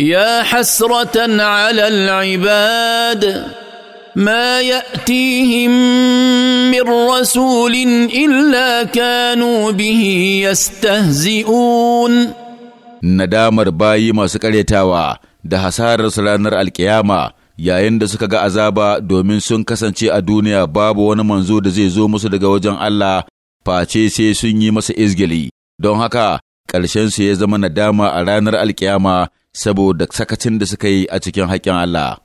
يا حسره على العباد ما ياتيهم من رسول الا كانوا به يستهزئون ندامر bayi masu karyatawa da hasararsu ranar alkiyama yayin da suka ga azaba domin sun kasance a duniya babu wani manzo da zai zo musu daga wajen Allah face sai sun yi masa izgili don haka ƙarshensu ya zama nadama a ranar alkiyama saboda sakacin da suka yi a cikin haƙƙin Allah.